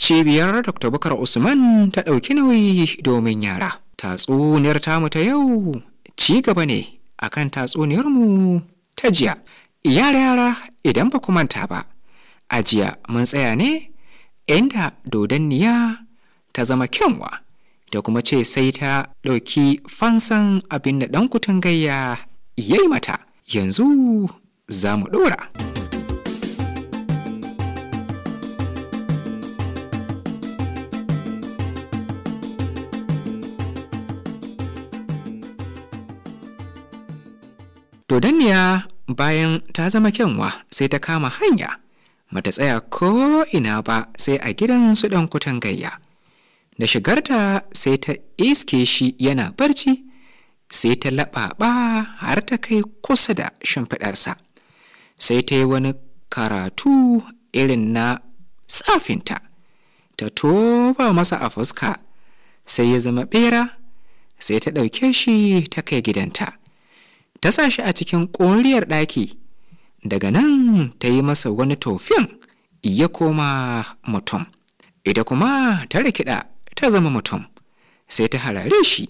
cibiyar dr bukar usman ta ɗauki nauyi domin yara tatsuniyar tamu ta yau ci gaba ne akan tatsuniyarmu ta jiya yara yara idan ba ku manta ba a jiya mun tsaya ne inda dodanniya ta zama kyanwa da kuma ce sai ta ɗauki fansan abin da ɗan kutun gayya ya mata yanzu za mu ɗora. dodanniya bayan ta zama kyanwa sai ta kama hanya, mata tsaya ko ina ba sai a gidan su ɗan kutan gayya. Da shigarta sai ta iske shi yana barci, sai ta laɓaɓa har ta kai kusa da shimfiɗarsa. Sai ta yi wani karatu irin na tsafinta, ta toba masa a fuska, sai ya zama ɓera, sai ta ɗauke shi ta kai gidanta. ta sa shi a cikin ƙoriyar ɗaki daga nan ta yi masa wani tofin ya koma mutum ita kuma ta rikida ta zama mutum sai ta harare shi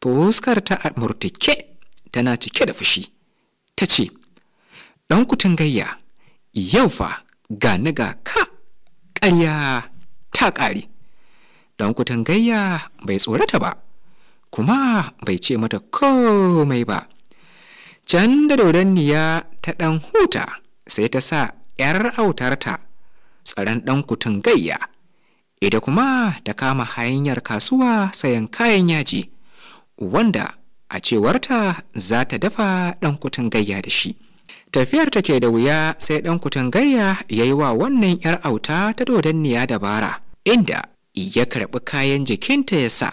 fuskar ta murtike tana cike da fushi ta ce ɗan kutun gayya yau fa ga ga ka ƙarya ta ƙare ɗan kutun gayya bai tsorata ba kuma bai ce mata komai ba can da dodanniya ta ɗan huta sai ta sa ‘yar autarta tsaron ɗan kutun gayya ita kuma ta kama hanyar kasuwa sayan kayan yaji wanda a cewarta za ta dafa ɗan kutun gayya da shi tafiyar ta ke da wuya sai ɗan kutun gayya ya yi wa wannan ‘yar auta ta dodanniya dabara inda ya karɓi kayan jikinta ya sa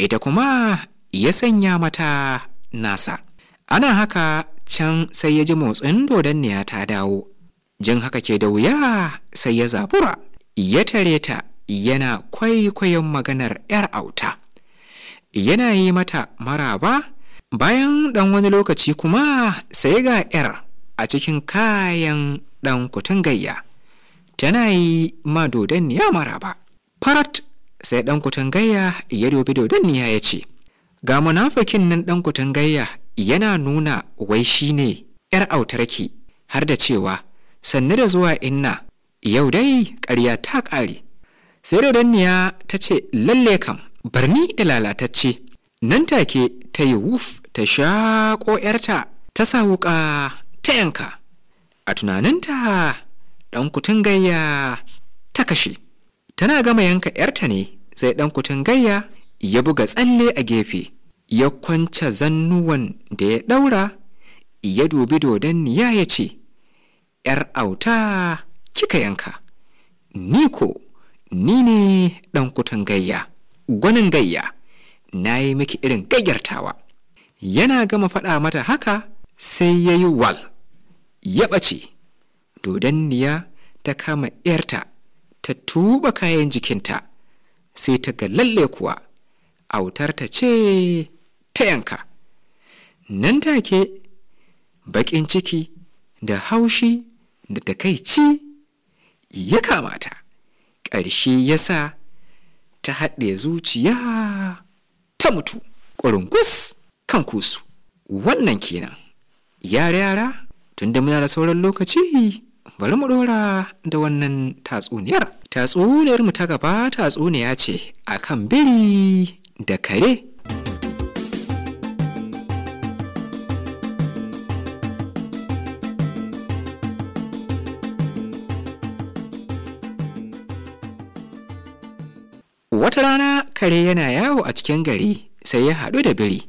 ita kuma ya sanya mata nasa ana haka can sai ya ji motsin dodonniya ta dawo jin haka ke da wuya sai ya zabura ya tare ta yana kwaikwayon maganar 'yar auta yana yi mata maraba bayan ɗan wani lokaci kuma sai ga 'yar a cikin kayan ɗan kutun gayya tana yi ma dodonniya maraba farat sai ɗan kutun gayya ya dobi dodonniya ya ce ga munafikin nan ɗan kutun gayya yana nuna wai shi ne ‘yar autarki har da cewa sannu da zuwa inna yau dai ƙarya ta ƙare sai da danniya ta ce lalle kam ni da lalatacce nan take ta yi wuf ta shaƙo ‘yarta ta sa wuƙa ta yanka a tunaninta ɗan kutun gayya ta kashe tana gama yanka ‘yarta ne sai ɗan kutun gayya ya buga tsalle a gefe ya kwance zannuwan da ya ɗaura ya dubi dodon niya ya ce ‘yar auta kika yanka ni ko ni ne ɗan kutan gayya gwanin gayya na yi miki irin gayyartawa yana gama faɗa mata haka sai ya yi wal ya ɓace dodon niya ta kama ‘yarta ta tuba kayan jikinta sai ta ga lalle kuwa autar ta ce ta yanka nan take baƙin ciki da haushi da takaici ya kamata ƙarshe ya sa ta haɗe zuciya ta mutu ƙurungus kan kusu wannan kenan yara yara tun da muna da sauran lokaci bari mu ɗora da wannan tatsuniyar tatsuniyar mu ta gaba tatsuniya ce akan biri da kare wata rana kare yana yawo a cikin gari sai ya haɗu da biri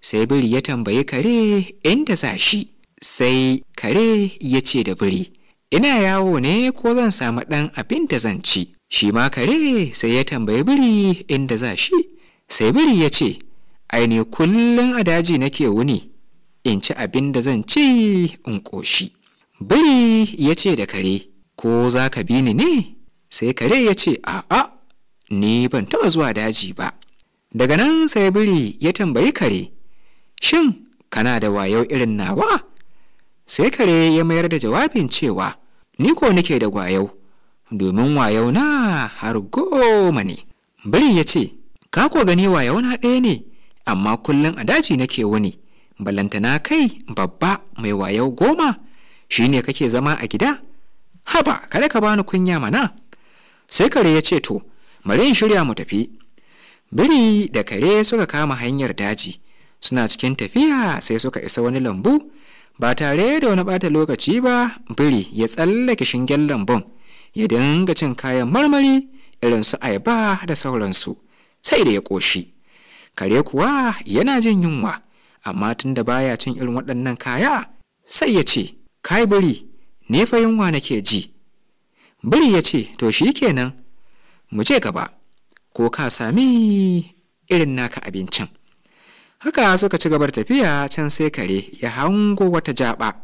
sai biri ya tambayi kare inda za shi sai kare ya ce da biri ina yawo ne ko zan samu ɗan abin da zan ci shi ma kare sai ya tambayi biri inda za shi sai biri ya ce aini kullum a daji nake wuni in ci abin da zan ci in ƙoshi biri ya ce da kare ko za ka bi ni ne sai kare ya ce a'a ni ban taɓa zuwa daji ba daga nan sai biri ya tambayi kare shin kana da wayau irin nawa sai kare ya mayar da jawabin cewa ni ko nake da wayau? domin wayau na har goma ne biri ya ce ka ko gani wayau na ɗaya ne amma kullum a daji nake wuni balantana kai babba mai wayau goma Shi ne kake zama a gida haba kada ka bani kunya mana sai kare ya ce to bari shirya mu tafi biri da kare suka kama hanyar daji suna cikin tafiya sai suka isa wani lambu ba tare da wani bata lokaci ba biri ya tsallake shingen lambun ya dinga cin kayan marmari irin su ayaba da sauransu sai da ya ƙoshi kare kuwa yana jin yunwa amma tun da baya cin irin waɗannan kaya sai ya ce kai biri ne fa yunwa nake ji biri ya ce to shi kenan mu je gaba ko ka sami irin naka abincin haka suka ci gabar tafiya can sai kare ya hango wata jaba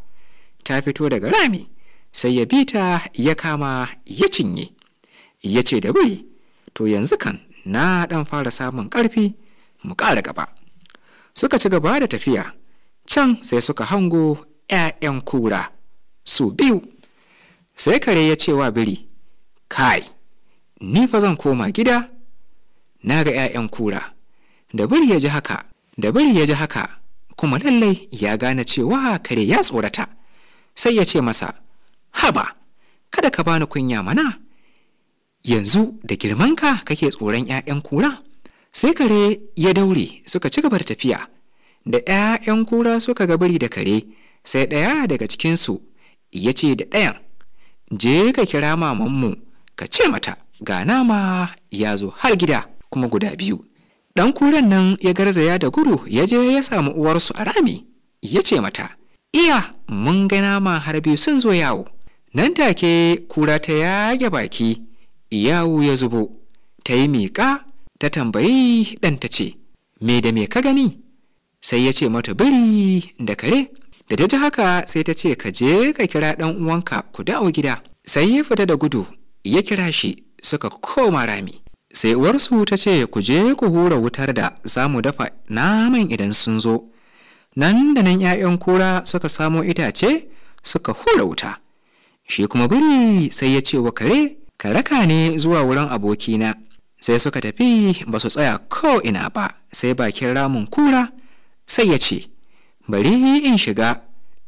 ta fito daga rami sai ya bi ta ya kama ya cinye ya ce da wuri to yanzu kan na dan fara samun ƙarfi mu ƙara gaba suka ci gaba da tafiya can sai suka hango 'ya'yan kura su biyu sai kare ya ce wa biri kai ni fa zan koma gida na ga 'ya'yan kura da biri ya ji haka da biri ya ji haka kuma lallai ya gane cewa kare ya tsorata sai ya ce masa haba kada ka bani kunya mana yanzu da girmanka kake tsoron 'ya'yan kura sai kare ya daure suka ci gabar tafiya da 'ya'yan kura suka ga bari da kare sai ɗaya daga cikinsu ya ce da ɗayan je ka kira mamanmu ka ce mata ga nama ya zo har gida kuma guda biyu ɗan kuren nan ya garzaya da gudu ya je ya samu uwarsu a rami ya ce mata iya mun ga nama har biyu sun zo yawo nan take kura ta yage baki yawo ya zubo ta yi miƙa ta tambayi ɗan ta ce me da me ka gani sai ya ce mata biri da kare da ta ji haka sai ta ce ka je ka kira ɗan uwanka ku dawo gida sai ya fita da gudu ya kira shi suka koma rami sai uwarsu ta ce ku je ku hura wutar da za mu dafa naman idan sun zo nan da nan 'ya'yan kura suka samo itace suka hura wuta shi kuma biri sai ya ce wa kare ka raka ne zuwa wurin abokina sai suka tafi ba su tsaya ko'ina ba sai bakin ramin kura sai ya ce bari in shiga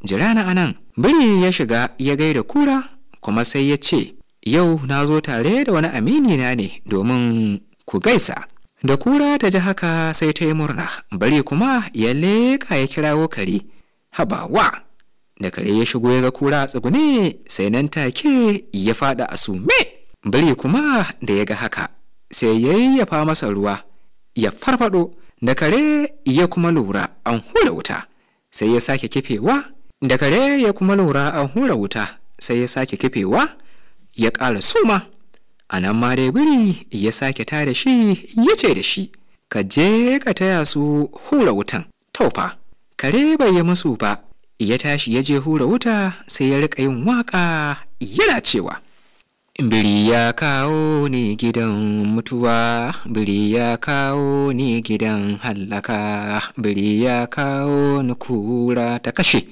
jira na anan biri ya shiga ya gaida kura kuma sai ya ce yau na zo tare da wani aminina ne domin ku gaisa da kura ta ji haka sai ta yi murna bari kuma ya leƙa ya kirawo kare habawa da kare ya shigo ya ga kura tsugune sai nan take ya faɗa a sume bari kuma da ya ga haka sai ya yi ya fa masa ruwa ya farfado da kare ya kuma lura an hura wuta sai ya sake kifewa da kare ya kuma lura an hura wuta sai ya sake kifewa ya ƙara suma a nan ma dai biri ya sake ta shi ya ce da shi ka je ka taya su hura wutan taufa kare bai yi masu ba ya tashi ya je hura wuta sai ya riƙa yin waƙa yana cewa biri ya kawo ni gidan mutuwa biri ya kawo ni gidan hallaka biri ya kawo ni kura ta kashe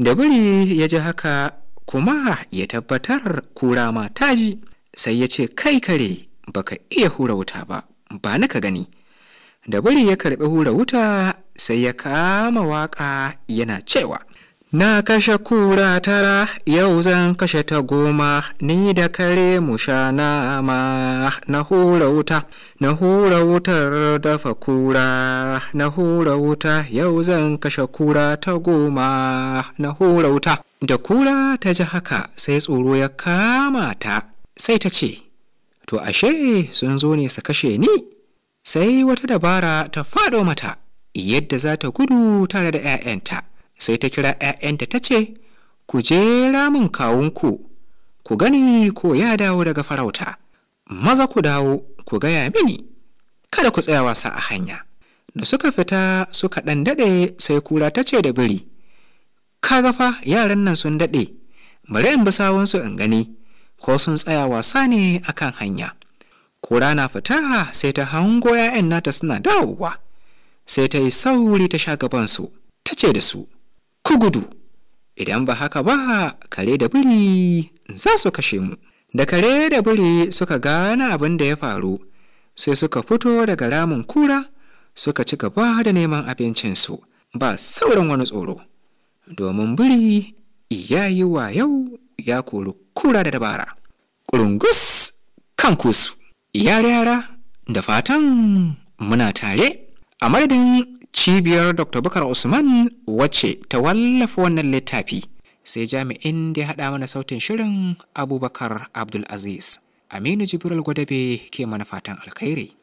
da biri ya ji haka kuma ya tabbatar kura ma ta ji sai ya ce kai kare baka iya hura wuta ba ba na ka gani da biri ya karɓi hura wuta sai ya kama waƙa yana cewa na kashe kura tara yau zan kashe ta goma ni da kare mu sha nama na hura wuta na hura wutar dafa kura na hura wuta yau zan kashe kura ta goma na hura wuta da kura ta ji haka sai tsoro ya kama ta sai ta ce to ashe sun zo ne su kashe ni sai wata dabara ta faɗo mata yadda za ta gudu tare da 'ya'yanta sai ta kira 'ya'yanta ta ce ku je ramin kawunku ku gani ko ya dawo daga farauta maza ku dawo ku gaya mini kada ku tsaya wasa a hanya da suka fita suka ɗan daɗe sai kura ta ce da biri kaga fa yaran nan sun daɗe bari in bi sawunsu in gani ko sun tsaya wasa ne a kan hanya kura na fita sai ta hango 'ya'yan nata suna dawowa sai ta yi sauri ta sha gabansu ta ce da su ku gudu idan ba haka ba kare da biri za su kashe mu da kare da biri suka gane abin da ya faru sai suka fito daga ramin kura suka ci gaba da neman abincinsu ba sauran wani tsoro domin biri ya yi yau ya kori kura da dabara Ƙungus kan kusu yare yara da fatan muna tare a madadin cibiyar dr bukar usman wacce ta wallafa wannan littafi sai jami'in da ya haɗa mana sautin shirin abubakar Aziz. aminu jibril gwadabe ke mana fatan alkhairi